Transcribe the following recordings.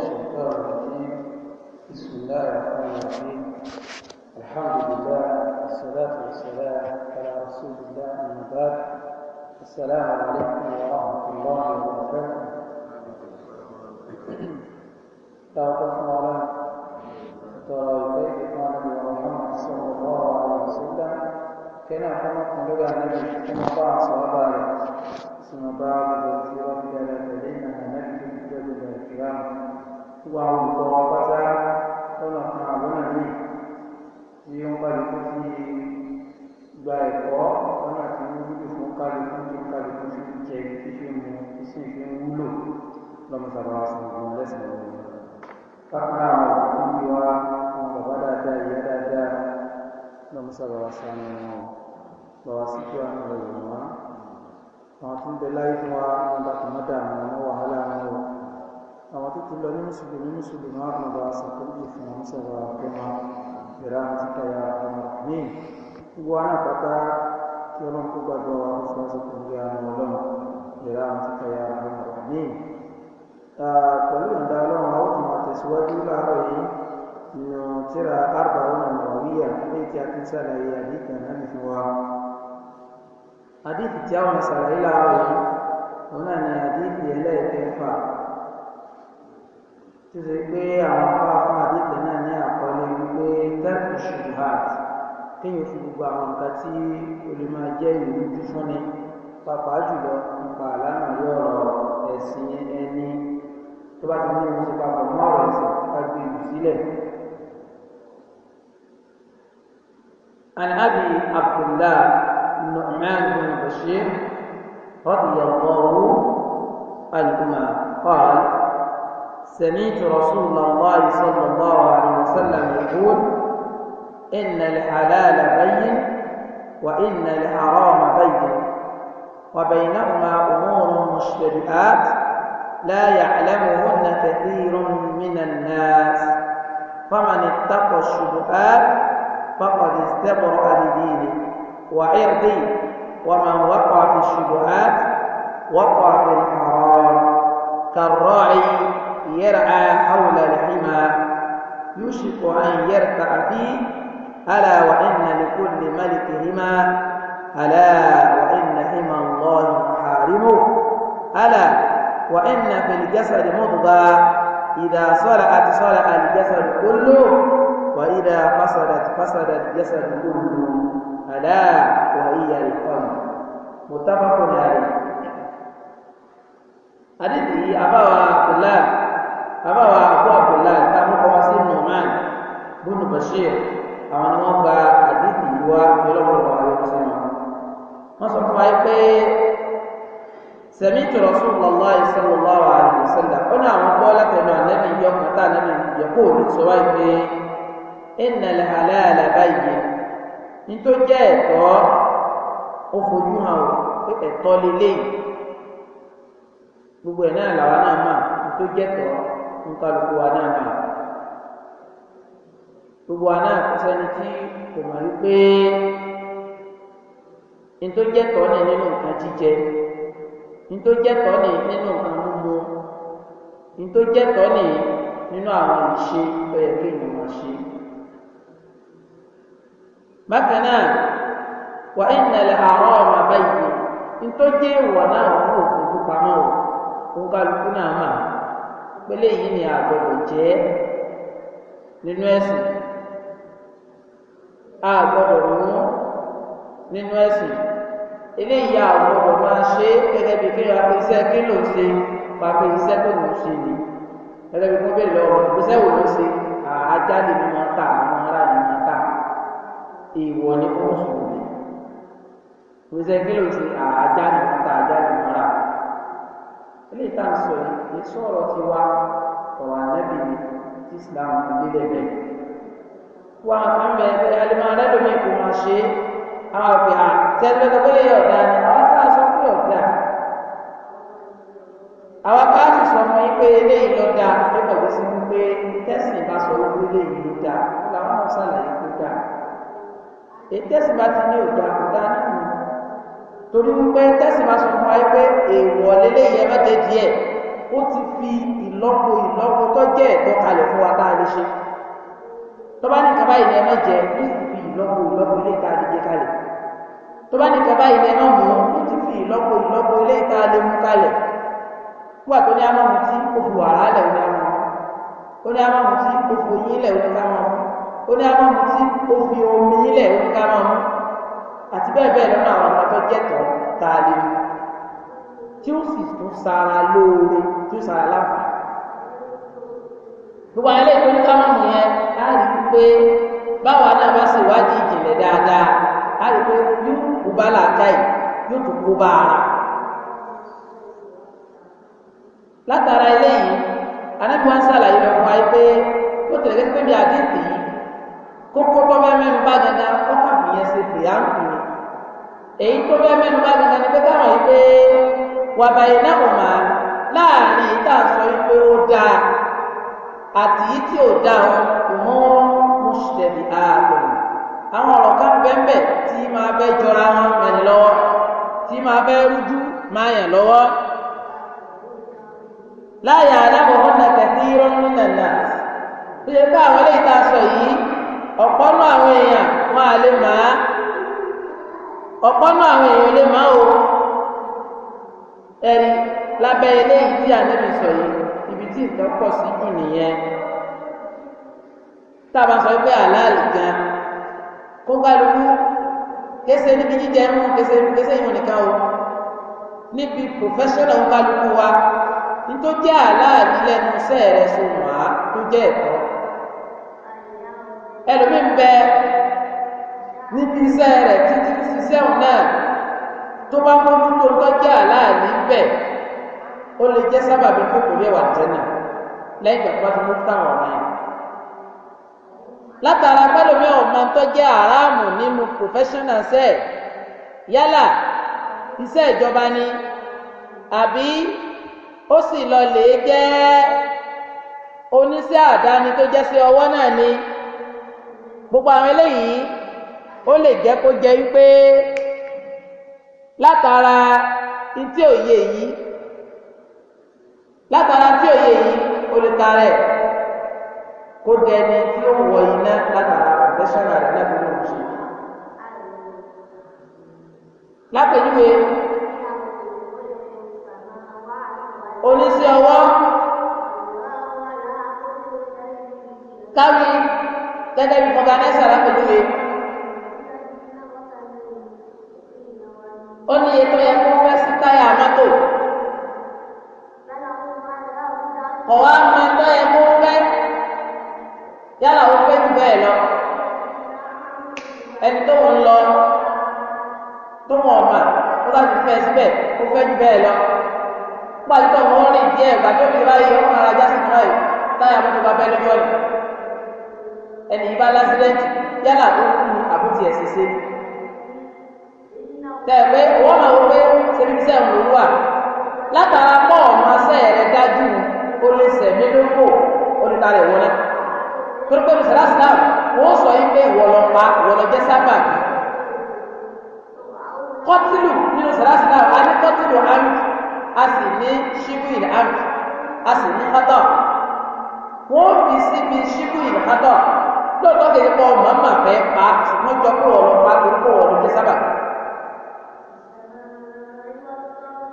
الشيطان الرجيم بسم الله الرحمن الرحيم الحمد لله والصلاة والسلام على رسول الله من بعد السلام عليكم ورحمة الله وبركاته تعطف مولانا طريقين إخواننا محمد صلى الله عليه وسلم كنا حمد لغة النبي كما طاع صحابة ثم بعد الوزيرة كانت لدينا نكتب جدد الكرام gbogbo àwọn nǹkan pátá lọ́nà kan àbọ̀nà míì tí ó ń kálukú ti gba ẹ̀kọ́ lọ́nà tí ó wúlò fún kálukú tí kálukú fi ń jẹ fífi mu tí sì fi ń wúlò lọ́mọ sábà fún ọmọ lẹ́sìn ọmọ pápá àwọn òkú bí wá wọn bàbá dáadáa ìyá dáadáa lọ́mọ sábà wá sánú wọn lọ àwọn tó ti lọ ní mùsùlùmí mùsùlùmí wọn kàn bá sàkóbì fún wọn sọ̀rọ̀ àkọmọ ìrà àti kẹyà àkọmọ ní gbogbo wọn àpapá kí ọlọ́run kó gbàgbọ́ wa kó fún ọsẹ kòkòrò àwọn ọlọ́run ìrà àti kẹyà àkọmọ ní. pẹ̀lú ìdá ọlọ́run àwọn tó máa tẹ̀síwájú láàárọ̀ yìí nínú tíra àrùbá ọ̀nà ìwàwíyà lẹ́yìn tí a ti ń sàlàyé àdìgbà náà ní fún wa. àdìgbà tí àwọn sàlàyé láàárọ̀ yìí wọn náà ní àdìgbà ẹlẹ́ẹ̀kẹfà tó ṣe pé àwọn afá fún àdéhùn náà ní àkọọ́lẹ̀ wípé tẹ́kù ṣùgbọ́n kéèyàn fi gbogbo àwọn nǹkan tí o lè máa jẹ́ ìrújú fúnni pàápàá jùlọ nípa àlànà ọ̀rọ̀ ẹ̀sìn ẹni tó bá ti ní ohun ṣe papọ̀ mọ́ ọ̀rọ̀ ẹ̀sìn ká gbé sílẹ̀. عن ابي عبد الله النعمان بن بشير رضي الله عنهما قال سمعت رسول الله صلى الله عليه وسلم يقول إن الحلال بين وإن الحرام بين وبينهما أمور مشتبهات لا يعلمهن كثير من الناس فمن اتقى الشبهات فقد استبرأ لدينه وعرضه ومن وقع في الشبهات وقع في الحرام كالراعي يرعى حول الحمى يوشك أن يرتع فيه ألا وإن لكل ملك هما ألا وإن هما الله محارمه ألا وإن في الجسد مضغة إذا صلأت صلأ الجسد كله وإذا فسدت فسد الجسد كله ألا وهي القلب متفق عليه حديث أبا عبد الله bàbá wa abu abdullahi táwọn kọ́ wá sí numan bùnú bashir àwọn ni wọ́n gba àdìdì wa lọ́wọ́lọ́wọ́ ayọ́kọ́ sí wọn. wọ́n sọ fún wa pé sẹ̀mí tọ̀rọ̀ sùn lọ́lá ìṣẹ̀lọ́lá wa àdìsẹ́lá ó ní àwọn gbọ́ látẹnu ànẹ́bí yọ kàtà ànẹ́bí yẹ kó sọ wá pé ẹnà làhálà àlàbá yìí ní tó jẹ́ ẹ̀tọ́ ó fojú hàn ó pé ẹ̀tọ́ lélẹ́yìn gbogbo ẹ̀ náà làwa náà mà ní jẹ́ ẹ̀tọ́ ń kálukú wa náà mà gbogbo wa náà kò sẹ́ni tí kò mọ̀ wípé ntójẹ́tọ̀ ní nínú nǹkan jíjẹ ntójẹ́tọ̀ ní nínú nǹkan mímu ntójẹ́tọ̀ ní nínú àwọn ìṣe tó yẹ kí èèyàn máa ṣe. bákan náà wà á ìnàlẹ̀ àárọ̀ ọmọ báyìí ntójẹ́ ìwà náà wọn ò fojú pamọ́ o náà máa pé léyìí ni àgbọ̀dọ̀ jẹ́ nínú ẹ̀sìn àgbọ̀dọ̀ mú nínú ẹ̀sìn eléyìí àgbọ̀dọ̀ máa ṣe gẹ́gẹ́ bí kí wàá fi iṣẹ́ kí ló ṣe wàá fi iṣẹ́ tó ló ṣe ni gẹ́gẹ́ bí kó bèèrè lọ́wọ́ iṣẹ́ wo ló ṣe àájá ní wọn ta àwọn ará ní wọn ta ìwọ ní kóòsù rẹ̀ iṣẹ́ kí ló ṣe àájá ní wọn ta àájá ní ilé ìta sọ yìí kì í sọ̀rọ̀ ti wá ọ̀rọ̀ ànábì ní tí islam fi lélẹ̀ bẹ́ẹ̀. wà á kàn bẹ ẹ alimọ alábẹ̀mí kò máa ṣe é àwọn òbí à tẹ́lẹ̀ lọ́gbẹ́lẹ́ yẹ ọ̀dà ni àwọn tá a sọ pé ọ̀dà. àwọn ká sì sọ fún yín pé eléyìí ló dáa nípa ìwé sí wípé tẹ́sí sọ wípé eléyìí ló dáa làwọn náà ṣàlàyé ló dáa. ètẹ́sí bá ti ní ọ̀dà ọ̀dà nínú torí wípé tẹ́sí máa sọ fún wa pé èèwọ̀ lélẹ́yìn ẹ̀mẹ́tẹ̀ díẹ̀ ó ti fi ìlọ́po ìlọ́po tó jẹ́ ẹ̀tọ́ kalẹ̀ fún wa tá a lè ṣe tó bá ní kaba ilẹ̀ ẹ̀mẹ́ jẹ ó sì fi ìlọ́po ìlọ́po ilé tá a lè jẹ kalẹ̀ tó bá ní kaba ilẹ̀ ẹ̀mẹ́ mú ó ti fi ìlọ́po ìlọ́po ilé tá a lè mú kalẹ̀ wíwà tó ní amọ̀ mutí ó fi wàrà lẹ̀ ó ní amọ̀ ó ní amọ̀ mutí ó fi oyin lẹ̀ ó ní mọ̀ ó ní amọ̀ mutí ó fi omi lẹ̀ ó mọ̀ àti bẹ́ẹ̀ bẹ́ẹ̀ lọ́nà àwọn ọmọ tó jẹ́tọ̀ tá a tí ó sì tún sara lóore tí ó sara láǹfà gbogbo tó ní yẹn rí i pé báwa náà bá ṣe wádìí ìjìnlẹ̀ dáadáa á rí i pé yóò kú bá làákàyè yóò tún kú bá ara látara eléyìí anábì wá ń lọ fún wa pé ó tẹ̀lé pé kókó èyí tó fẹ́ mẹ́nu bá gangan ni pé káwọn yìí pé wàbà ìnáwọ̀mà láàrin èyí tá à ń sọ yìí pé ó dáa àti yìí tí ò dáa kò mọ́ mùsùlùmí ààbọ̀ àwọn ọ̀rọ̀ kan bẹ́ẹ̀ tí máa bẹ́ jọra wọn mẹ́ni lọ́wọ́ tí máa bẹ́ rújú máa yàn lọ́wọ́ láyà alábọ̀wọ́n náà kẹ̀kẹ́ ìrọ́nù nàná ó yẹ ká àwọn eléyìí tá a sọ yìí ọ̀pọ̀ náà àwọn èèyàn wọn à lè máa ọ̀pọ̀ náà àwọn èèyàn lè máa o ẹ̀rí lábẹ́ eléyìí tí ànábì sọ yìí ibi tí nǹkan pọ̀ sí jù nìyẹn tá a bá sọ pé àlàálì gan kó kálukú kése níbi jíjẹ mú kése kése ìwọ̀n nìkan o níbi pòfẹ́sọ̀nà ń kálukú wa nítorí jẹ́ àlàálì lẹ́nu iṣẹ́ rẹ̀ sọ̀rọ̀ á tó jẹ́ ẹ̀kọ́ ẹlòmíín bẹ́ẹ̀ níbi iṣẹ́ rẹ̀ títí ṣiṣẹ́ òun náà tó bá mójútó tọ́jú àláàlí bẹ́ẹ̀ ó lè jẹ́ sábàbí kókò rí ẹ̀wà jẹ́nà lẹ́yìn ìgbà tó bá ti mú táwọn ọ̀nà yẹn. látara pẹ́lúmi ọ̀mọ tọ́jú àràmù nínú professional sẹ́ẹ̀ yálà iṣẹ́ ìjọba ni àbí ó sì lọ lè jẹ́ oníṣẹ́ àdáni tó jẹ́ sí ọwọ́ náà ni gbogbo àwọn eléyìí ó lè jẹ́ kó jẹ́ wípé látara ntí òye yìí látara ntí òye yìí ó lè tara ẹ̀ kó dẹni tí ó wọ iná látara professional rẹ̀ lẹ́kọ̀ọ́ lóhùn sí. lápẹjúwe oníṣẹ́ ọwọ́ káwí gẹ́gẹ́ bí fọgánẹ́sà lápẹjúwe. lójú ọ̀nà ẹni ìbá lásìlẹ́ǹtì yálà tó kú ni àbútí ẹ̀ ṣẹṣẹ ni tẹ̀ pé òwò máa wọ pé ṣèbíṣẹ́ ń lò wà látara pọ̀ ọmọ asẹ́ rẹ̀ dájú o lè sẹ̀mí lóko o lè tarẹ̀ wọlé torí pé mùsàlá islam wọ́n sọ yín pé ìwọ lọ sábà kọ́tìlù nínú mùsàlá islam a ní kọ́tìlù amd a sì ní ṣíwìn amd a sì ní kọ́tọ̀ wọ́n fi síbi ṣíbù ìhádọ́ lóòótọ́ kìí pọ̀ màmá fẹ́ pa ṣùgbọ́n jọ pé ọ̀rọ̀ pa kìí pọ̀ ọ̀rọ̀ sábà.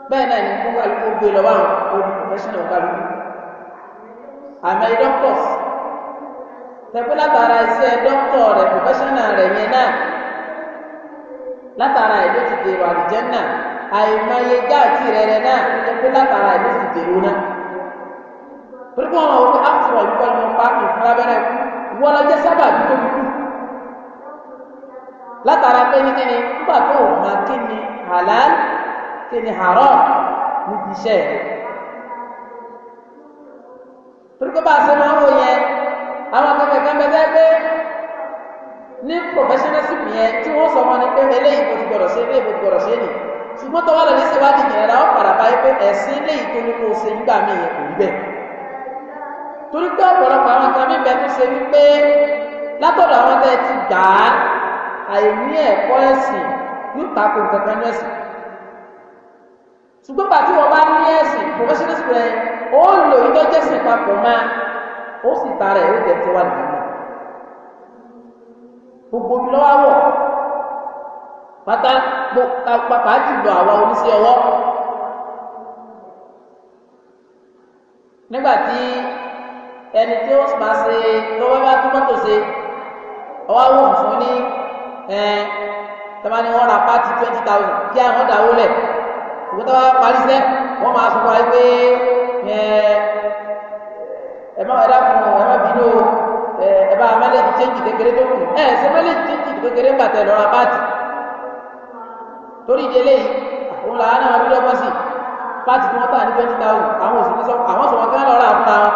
bẹ́ẹ̀ náà ni gbogbo àlùkò gbé lọ́wọ́ àwọn orí professional kálukú àmì doctors tẹ̀pẹ́ látara iṣẹ́ doctor rẹ̀ professional rẹ̀ yẹn náà látara ẹ̀ ló ti dèrò àlùjẹ́ náà àìmọye gáàtì rẹ̀ rẹ̀ náà tẹ̀pẹ́ látara ẹ̀ ló ti dèrò náà torí pé wọn àwọn ọkọ àkùsọ̀rọ̀ yìí kọ́ ni wọ́n pa ìfúnra bẹ́rẹ̀ wọ́n lọ jẹ́ sábà bí tóbi kú látara pé ní kíni nígbà tó o mọ kíni halal kíni haram níbi iṣẹ́ rẹ̀ torí pé bá a ṣe máa ń wò yẹn àwọn akẹ́kọ̀ọ́ kan bẹ́ẹ̀ bẹ́ẹ̀ pé ní professionalism yẹn tí wọ́n sọ wọn ni pé eléyìí kò ti gbọdọ̀ ṣe eléyìí kò ti gbọdọ̀ ṣe nìyí ṣùgbọ́n tọ́wọ́ lọ ní ṣèwádìí yẹn ra ó padà báyìí pé ẹ̀sìn eléyìí tó ní kó o ṣe nígbà míì yẹn kò rí bẹ́ẹ̀ torí pé ọ̀pọ̀lọpọ̀ àwọn nǹkan mímẹ́ tó ṣe wípé látọ̀dọ̀ àwọn tẹ́ ti gbà á àìní ẹ̀kọ́ ẹ̀sìn yóò tako nǹkan kan ní ẹ̀sìn ṣùgbọ́n pàtí wọn bá ní ẹ̀sìn professional rẹ ó lò yí lọ́jọ́ ẹ̀sìn papọ̀ máa ó sì ta rẹ̀ ó tẹ̀tẹ̀ wà nìyẹn gbogbo mi lọ́wọ́ wọ̀ pátá pàpà jùlọ àwa oníṣẹ́ ọwọ́ nígbà tí ẹni tí ó máa ṣe lọ́wọ́ bá tó mọ́tò ṣe ọwọ́ àwọn òfin ní tọ́ba ni wọ́n ra pàtì twenty thousand kí àwọn dàwó lẹ̀ ṣùgbọ́n tọ́ba parí sẹ́ wọ́n máa sọ fún wa pé ẹ má ẹ̀dá fún ọ ẹ má bínú ẹ bá mẹ́lẹ́jì chéńjì kékeré tó kù ẹ ṣe mẹ́lẹ́jì chéńjì kékeré ń bàtẹ́ lọ́ra pàtì torí ìdílé yìí òun làwọn náà wọn bí lọ́gbọ́n sí pàtì tí wọ́n tà ní twenty thousand àwọn òṣèlú sọ àwọn sọ wọn kí wọ́n lọ́ọ́ rà wọn.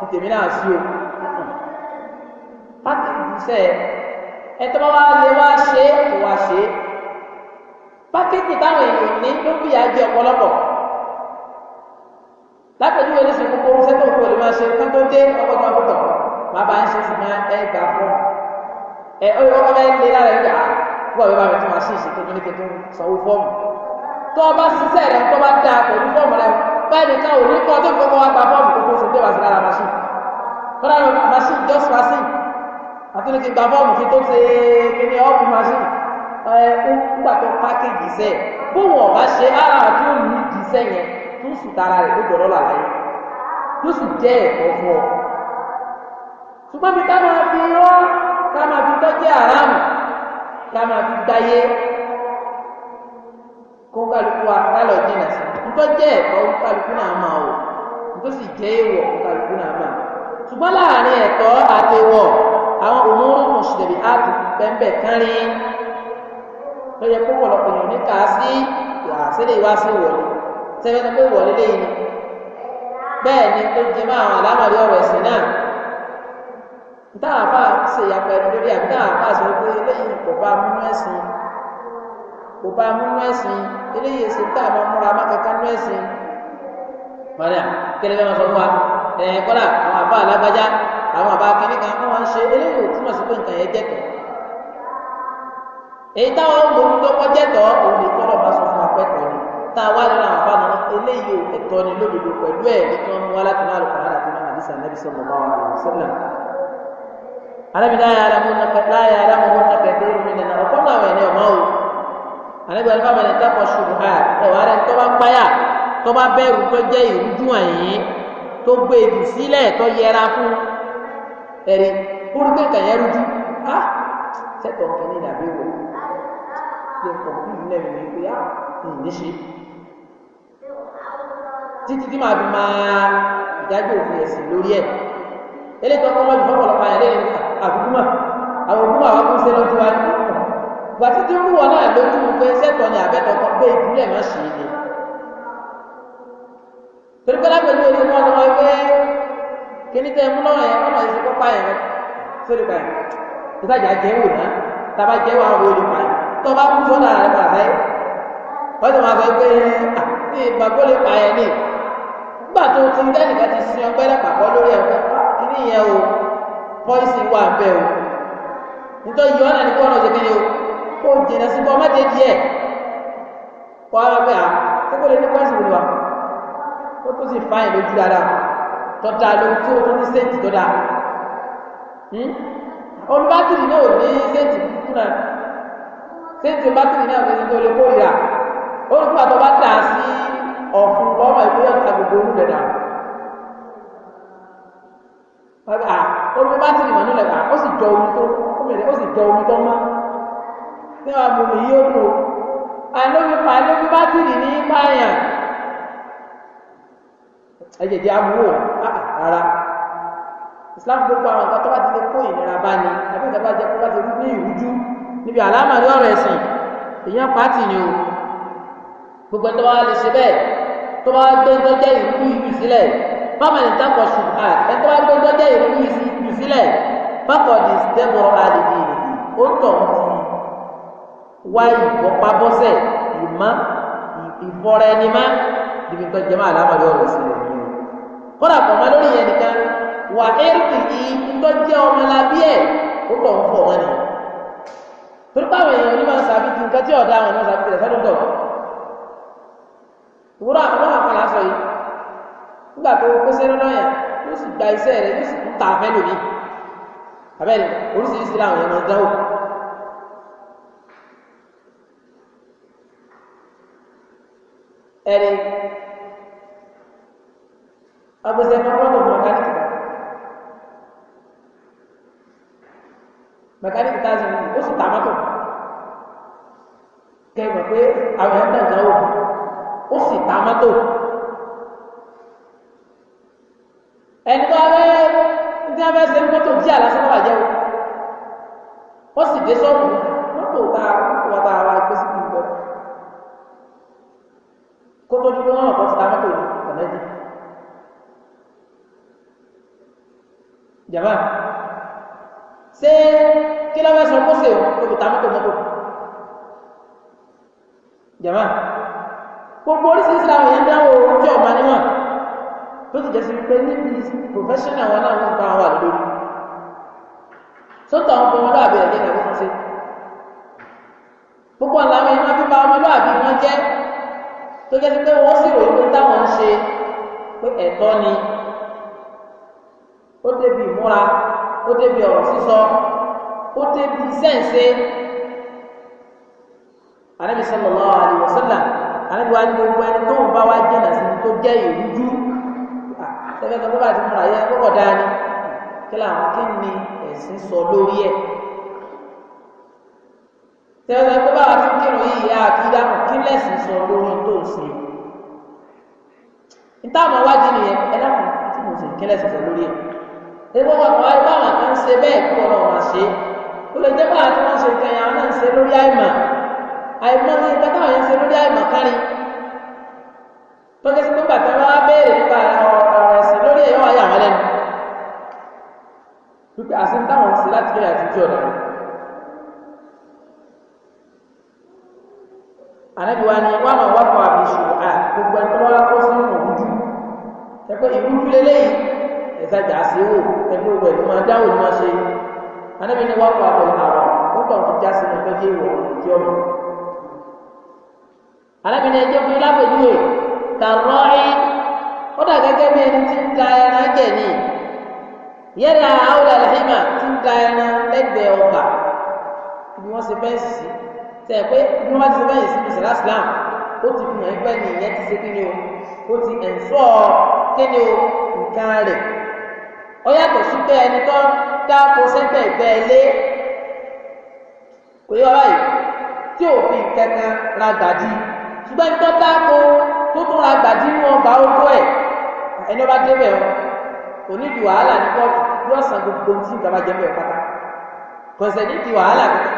ti tèmi náà sí o pákéjì sẹ ẹ tó bá wá lé wá ṣe é kó wá ṣe é pákéjì táwọn èèyàn ní ló fi yà jẹ ọ̀pọ̀lọpọ̀ lápẹjúwe ní sìn kókó sẹtọ òkú ẹ lè máa ṣe kátó dé ọkọ tó máa kó tọ máa bá ń ṣe sì máa ẹ gbà fún ẹ ọ ọkọ bẹ lé lára ẹ gbà wọ ẹ bá mi tún máa ṣe ìṣètò ní kẹtọ sanwó fọ́ọ̀mù tó o bá rẹ tó bá dáa pẹ̀lú fọ́ọ̀mù rẹ báyìí nìkan ò ní kọ́ tó gbogbo wa gba bọ́ọ̀lù gbogbo sì dé wàsí lára machine kọ́lá ló ní machine just machine àti ní ti gba bọ́ọ̀lù kí tó ṣe kíní ọ́ọ̀bù machine ẹ ńgbà tó pákéjì sẹ́ bóun ọ̀bá ṣe ara àti òní ìdí sẹ́ yẹn tó sì tara rẹ̀ ló gbọ́dọ̀ làlàyé tó sì jẹ́ ẹ̀kọ́ fún ọ ṣùgbọ́n mi ká máa fi rọ́ ká máa fi tọ́jú àrámù ká máa fi gbáyé kó kálukú wa lálọ́ jìnnà sí ntọ́jẹ́ ẹ̀tọ́ kálukú náà máa wò ntọ́ sì jẹ́ èèwọ̀ kálukú náà máa ṣùgbọ́n láàrin ẹ̀tọ́ àtẹwọ̀ àwọn òmùrù mùsùlùmí àti pẹ́ńpẹ́ kárín lọ́yẹ kó pọ̀lọpọ̀ yàn níta sí àṣẹlẹ̀ ìwá sí wọlé sẹ́fẹ́ tó pé wọlé lẹ́yìn bẹ́ẹ̀ ni tó jẹ máa àwọn àlámọ̀rí ọ̀rọ̀ ẹ̀sìn náà ntáàbà ṣèyàpẹ̀ lórí àbí ntáàbà ṣe kò bá mú nú ẹ̀sìn eléyìí èsì tá a máa múra má kankan nú ẹ̀sìn. mọ̀nà kí ni bẹ́ẹ̀ sọ fún wa ẹ̀yìn kọ́lá àwọn àbá alágbájá àwọn àbá kínní kan wọ́n máa ń ṣe eléyìí ò túmọ̀ sí pé nǹkan yẹn jẹ̀tọ̀. èyí táwọn ń bomi tó kọjẹ́ tọ̀ òun lè tọ́lọ̀ máa sọ fún apẹ́ tọ̀ ni tá a wá nínú àwọn àbá náà eléyìí ò ẹ̀tọ́ ni lódodo pẹ̀lú ẹ̀ ní kí wọ́n mú wá láti náà lọ́kàn láti náà àdìsá nàbí sọ̀rọ̀ náà kẹ̀kẹ́ àlẹ́gbẹ̀ẹ́ alẹ́ fáwọn ẹ̀dá kọ ṣùgbọ́n ẹ̀wà rẹ̀ tó bá páyà tó bá bẹ̀rù tó jẹ́ ìrújú àyín tó gbé ìdù sílẹ̀ tó yẹra fún ẹ̀rí kúrúkẹ́ kẹ̀yẹ́ rújú á sẹ́tọ̀ kìíní ìdàbí wò yẹ kọ̀ fún ilẹ̀ mi pé á ní ṣe títí tí màá fi máa ìdájọ́ òfin ẹ̀sìn lórí ẹ̀ eléyìí tó kọ́ lọ́jọ́ fọ́pọ̀lọpọ̀ ayẹyẹ àbùkù mà àbùkù mà wọ́n kún sí lọ́jọ́ wa ní gbàtí tí olúwọ náà lójú pé sẹtọ ni àbẹtọ kan gbé ìdílé wọn sì ni torí pé lápẹjù orí wọn lọ wípé kíní tẹ mú lọ́rọ̀ yẹn wọn lọ sí pápá yẹn sórí pa yẹn ìtajà jẹ wò ná tàbá jẹ wà wò ní pa tó bá kú sọ́dọ̀ rẹ pàṣẹ wọn tó máa sọ pé ní ìgbàgbọ́ lè pa yẹn ní gbà tó ti ń dẹ́nìkan ti sin ọgbẹ́ rẹ̀ pàpọ̀ lórí ẹ̀kọ́ kíní yẹn o pọ́ìsì wà bẹ́ẹ̀ o nítorí yọ kó jìnà sí kọ́ mẹ́tẹ̀ díẹ̀ kọ́ ara pé à kókó lè ní pẹ́sì wùlọ ó tó sì fáyìn lójú dáadáa tọ́ta ló tó tó ní sẹ́ǹtì tó dáa hmm? olùbátìrì náà ò ní sẹ́ǹtì kúkú náà sẹ́ǹtì bátìrì náà ò ní tó lè kórìíra olùkọ́ àtọ́ bá tà sí ọ̀fun lọ́wọ́ ìgbéyàwó ta gbogbo olú rẹ̀ dà olùbátìrì náà ló lẹ̀ bá ó sì jọ omi tó ó sì jọ omi tó máa tí wọn mú mi yóò kú àlóbi pa àlóbi bátìrì ní pààyàn ẹjẹjẹ àbúrò ah, ah, rárá Islam gbogbo àwọn nǹkan tó bá ti lè kó ìnira bá ní àbí nǹkan bá jẹ kó bá ti rú ní ìrújú níbi àlámà ní ọ̀rọ̀ ẹ̀sìn èèyàn pàtì ni o gbogbo ẹni tó bá lè ṣe bẹ́ẹ̀ tó bá gbé tó jẹ ìrújú ìlú sílẹ̀ báwọn ẹni tán kọ ṣùgbọ́n tó bá gbé tó jẹ ìrújú ìlú sílẹ̀ bákan di stable alìdí ó tọ̀ ọ́ wá ìfọ́pá bọ́sẹ̀ ìmá ìfọ́ra ẹni má níbi tó jẹ́ máa lámàlú ọ̀rọ̀ sí rẹ̀ ní o. kọ́dà pọ̀ máa lórí yẹn nìkan wà éèkì yìí tó jẹ́ ọmọ labí ẹ̀ ó tọ̀ ń fọ̀ wọn ni. torí báwọn èèyàn ní máa sàbí ti nǹkan tí ọ̀dà àwọn náà sàbí tẹ̀lé sọ́dọ̀ ìwúrọ̀ àwọn àkàlà sọ yìí nígbà tó kó sẹ́rẹ́ lọ́yà yóò sì gba iṣẹ́ rẹ̀ yóò sì tún ta àfẹ́ lómi àbẹ́ni oríṣiríṣi làwọn èèyàn máa dáwọ́ ẹni agbésẹ́ máa wọ́n tó mẹkáníkì bá mẹkáníkì tá a sọ ó sì tàmátò kẹmọ pé àwọn ẹ̀ ń tàn kan wò ó sì tàmátò ẹni tó abẹ́ ní abẹ́ sẹ́ni mọ́tò jí àlásán wà jẹ́ ó sì dé sọ́ọ̀bù. tó di pé wọ́n kọ́ ti ta mọ́tò ní ọ̀nẹ́jì. jàmbá ṣé kí ló fẹ́ sọ kó ṣe òbí ta mọ́tò mọ́tò jàmbá gbogbo oríṣiríṣi làwọn èèyàn dáwọ́ ojú ọ̀ma níwọ̀n tó ti jẹ́ sí pé níbi professional wọn náà wọ́n ń bá wà lórí sótò àwọn ọmọlúwàbí ẹ̀jẹ̀ náà wọ́n gbogbo ọ̀làwọ̀ èèyàn máa fi wọn jẹ́ tó jẹ́ pé wọ́n sì ròyìn pé táwọn ń ṣe pé ẹ̀tọ́ ni ó débi ìmúra ó débi ọ̀rọ̀ sísọ ó débi sẹ́ǹsẹ́ anabi sallallahu alayhi wa sallam anabi wa ni gbogbo ẹni tó ń bá wa jẹ́nà sí tó jẹ́ ìrújú sẹ́fẹ́ sọ pé bá ti múra yẹ kókò dání kí ni ẹ̀sìn sọ lórí ẹ̀ tẹ́lẹ̀ tó bá wà tí kírun yìí yá àkídá kò kí lẹ́sìn sọ lórí tó sí ìtààmú wájú nìyẹn ẹlẹ́kùn tí mo sì kí lẹ́sìn sọ lórí ẹ̀ ebi wọn kọ ayé báwọn kan ṣe bẹ́ẹ̀ kí wọn wọn ṣe ó lè jẹ́ báwọn tí wọ́n ṣe kẹyìn àwọn náà ń ṣe lórí àìmọ̀ àìmọ̀ ní ìta táwọn yẹn ń ṣe lórí àìmọ̀ kárí tọ́jú sí pé bàtà wọn á béèrè nípa ọ̀rọ̀ ẹ̀sìn lórí ẹ̀yọ́ ayé àwọn lẹ́nu wípé àṣẹ táwọn ń ṣe láti kéré àtijọ́ náà ànábi wa ni wọn àwọn wákọ àbíṣù à gbogbo ẹni tó wá kó sínú òwúdú ẹgbẹ ìwúdú lélẹyìn ẹsàjà àṣewò ẹgbẹ òwò ẹni máa dáwò ni wọn ṣe ànábi ni wákọ àbọ àwọn ó tọ̀ fi já sínú ẹgbẹ́ yìí wọ̀ ẹ̀jẹ̀ ọmọ ànábi ni ẹjọ́ fi lábẹ́júwe tààrọ́ ẹ̀ ó dà gẹ́gẹ́ bí ẹni tí ń ta ẹran jẹ̀ ni yẹ́nà àwọn àlàyé mà tí ń ta ẹran lẹ́gbẹ̀ẹ́ ọgbà ni wọ́n ṣe fẹ́ǹsì sí tẹ̀ pé bí wọ́n bá ti ṣe bẹ́yìn sí bùsùlá islam ó ti fi hàn pé ní ti ṣe kí ni o ó ti ẹ̀ǹsọ́ kí ni o nǹkan rẹ̀ ó yàtọ̀ sí pé ẹni tó dáko sẹ́gbẹ̀ ìgbẹ́ ilé kò yẹ wá báyìí tí òfin kankan ra gbàdí ṣùgbọ́n ẹni tó dáko tó tún ra gbàdí wọn bá ojú ẹ̀ ẹni ọba débẹ̀ wọn kò ní di wàhálà ní kóòtù yóò san gbogbo ohun tí ìjọba jẹ́ bẹ́ẹ̀ pátá kò sẹ́ni di wàhálà kankan.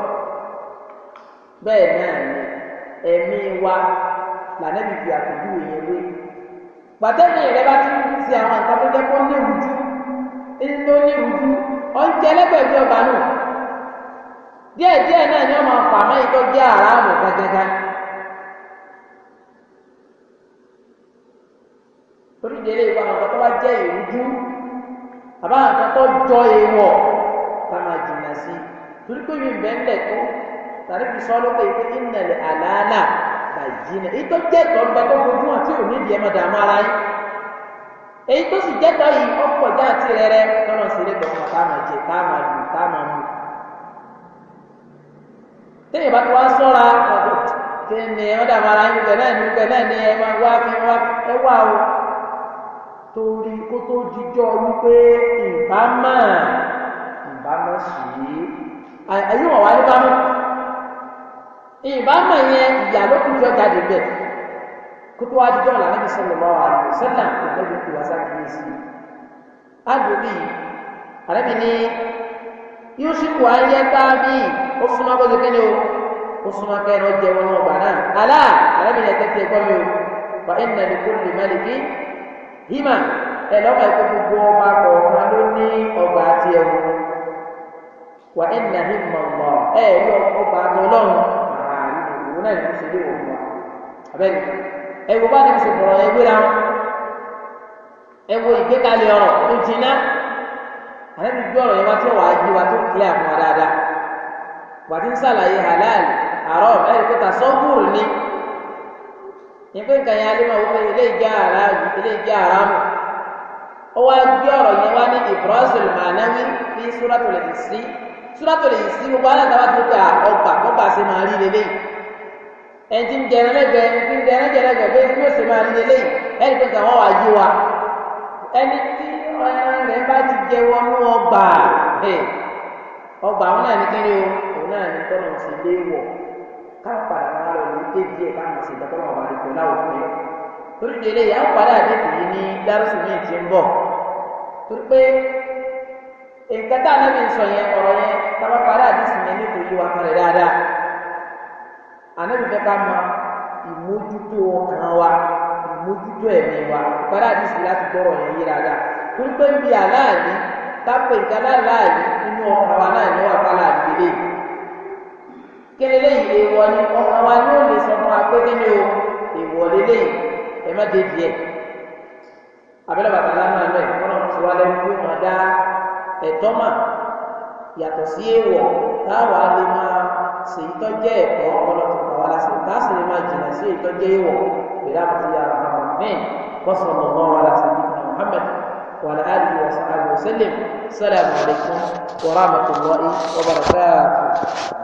bẹ́ẹ̀ náà ni ẹ̀mí wa lànàbí fi àpèjúwe yẹn wé pàtẹ́ẹ̀nì bá ti ń ṣe àwọn nǹkan tó jẹ́ kó ní ìrújú tó ní ìrújú ọ̀ ń jẹ́ ọba díẹ̀ díẹ̀ náà ni wọ́n máa fà jẹ́ àràmù gángan torí ìwà àwọn tó bá jẹ́ ìrújú àbáwọn kan tó jọ èèwọ̀ ká máa jìnnà sí torí pé mi bẹ́ẹ̀ lẹ̀ tó. tàbí fi sọ lọ́pọ̀ yìí pé ìnẹ̀lẹ̀ àlàálà bàjì náà èyí tó jẹ́ tọ́ gba tó fojú hàn tí ò ní ìdí ẹ̀ máa dààmú ara yín èyí tó sì jẹ́ tọ́ yìí tá a máa jẹ tá a máa lù tá a máa mú. téèyàn bá wá sọ́ra ọ̀dọ̀ kí ni ẹ̀ máa dààmú ara yín ní ní ẹ̀ máa wá wá i àyè ìbámu yẹn ìyá ló kún jọ jáde bẹ kótó wa dídọ́ la níbi sọ̀rọ̀ lọ́wọ́ àlọ́ sẹ́là àlẹ́bí kò wá sáà kìí sí i àdùbí àlẹ́bí ni yóò sì kú ayé tábì ó súnmọ́ bó ti kí o ó súnmọ́ kẹ́rin ó jẹ wọn ọgbà náà àlá àlẹ́bí ni ẹ tẹ́tí mi o wà ẹ̀ nà lóko lè má lè kí hímà ẹ lọ́kà ikú gbogbo ọba kọ̀ọ̀kan ló ní ọgbà tiẹ̀ wò wà ẹ̀ nà hímà ọ̀ ẹ̀ lọ́ ọgbà àgbọ̀ lọ́rùn òun náà ló ṣe lé wọ̀ wá abẹ́rẹ́ ẹ wo bá ní ṣe bọ̀rọ̀ ẹ wéra wọn ẹ wo ìgbékalẹ̀ ọ̀rọ̀ tó jiná àlẹ́bí gbé ọ̀rọ̀ yẹn wá tí ó wà á yí wa tó kílẹ̀ fún wa dáadáa wà á ti ń sàlàyé halal àrọ́ ẹ̀rí pé tasọ́gùrù ni ìpín nǹkan yẹn alẹ́ máa wọ́n pé ilé ìjẹ́ ara ilé ìjẹ́ ara mọ̀ ó wá gbé ọ̀rọ̀ yẹn wá ní ìbúrọ́sìlì mànáwí ní súrátòlè ìsí súrátòlè ìsí gbogbo aláǹtà wá tó ta ọgbà ọgbà sí máa rí lélẹ́yìn ẹni tí ń jẹrán lẹ́gbẹ̀ẹ́ ẹni tí ń jẹrán jẹrán lẹ́gbẹ̀ẹ́ bí yóò ṣe máa ṣe léyìí ẹni pé kàwọn wà yí wa ẹni tí ọ̀ràn rẹ̀ bá ti jẹ wọnú ọgbà ọgbà àwọn náà ní kíni o òun náà ní tọ́nà sí ilé wọ̀ ká padà wá lọ ní débi ẹ̀ káwọn sì dọ́kọ́ wọn wà lóko láwùjọ fún yẹn torí délé yà ń padà débi yìí ní dárúsù ní ìtì ń bọ̀ torí pé nǹkan tá a náà fi sọ yẹn ọ̀rọ̀ yẹn tá padà dé sí ànábì fẹ́ ká mọ ìmójútó ọkàn wa ìmójútó ẹ̀mí wa ìpadà àdìsí láti gbọ́rọ̀ yẹn yé dáadáa torí pé ń bi àláàlí tápẹ̀ nǹkan láàlí nínú ọkàn wa náà ní wàá pálá àdìgbélé kélélé yìí èèwọ̀ ni ọkàn wa ni ó lè sọ fún wa pé kí o èèwọ̀ lélẹ̀ ẹ̀ má dé díẹ̀ abẹ́rẹ́ bàtà lánàá lẹ̀ kọ́nà tí wàá lẹ́nu tó máa dá ẹ̀tọ́ mà yàtọ̀ sí èèwọ̀ táwa lè máa ṣèyí jẹ́ ẹ̀tọ́ ọlọ́tí wa lásìkò bá sì lè máa jìnnà sí ìtọ́jú ìwọ̀ bẹ̀rẹ̀ àti yàrá àwọn mẹ́ẹ̀ wọ́sọ̀ lọ́wọ́ wa lásìkò Muhammad wa alihi wa sahbihi wa sallam salamu alaykum wa rahmatullahi wa barakatuh.